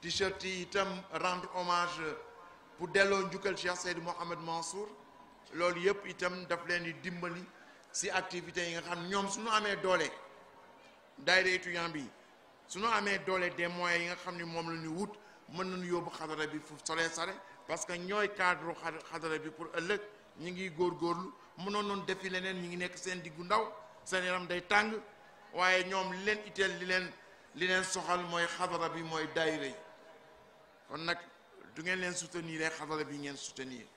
t-shirt yi itam rendre hommage pour delloo njukkal Cheikh Seydou Mohamed Mansour loolu yëpp itam daf leen di dimbali si activités yi nga xam ñoom suñu amee doole daayira étudiant bi nu amee doole des moyens yi nga xam ni moom la ñu wut mën nañu yóbbu xadara bi fu sore sore parce que ñooy cadre xadara bi pour ëllëg ñi ngi góorlu mënoon noonu defi leneen ñi ngi nekk seen diggu ndaw seen yaram day tàng waaye ñoom leen itteel li leen soxal mooy xabara bi mooy daayira yi kon nag du ngeen leen soutenir xabara bi ngeen soutenir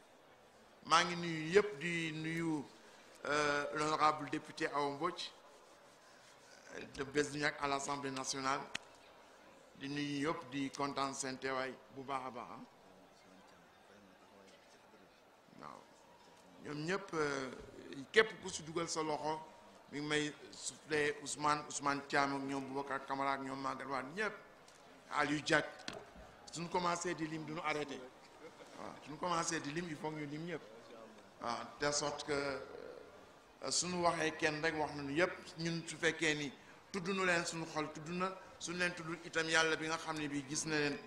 maa ngi nuyu yëpp di nuyu euh, l'honorable député aw Mbodj de Besdunyak à l'Assemblée nationale di nuyu yëpp di kontaan seen teewaay bu baax a baax ah. waaw ñoom ñëpp euh, képp ku si dugal sa loxo mi may soufflé Ousmane Ousmane Thiam ak ñoom Boubacar Camara ak ñoom Maguette Wade ñëpp yu Diack suñ commencé di lim duñu arrêté waaw suñu commencé di lim il faut ñu lim ñëpp waaw de sorte que euh, suñu waxee kenn rek wax nañu yëpp ñun su fekkee ni tuddu nu leen suñu xol tudd na suñu leen tuddul itam yàlla bi nga xam ne bii gis na leen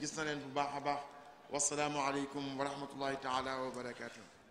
gis na leen bu baax a baax wasalaamualeykum wa rahmatullahi taala wa barakatuh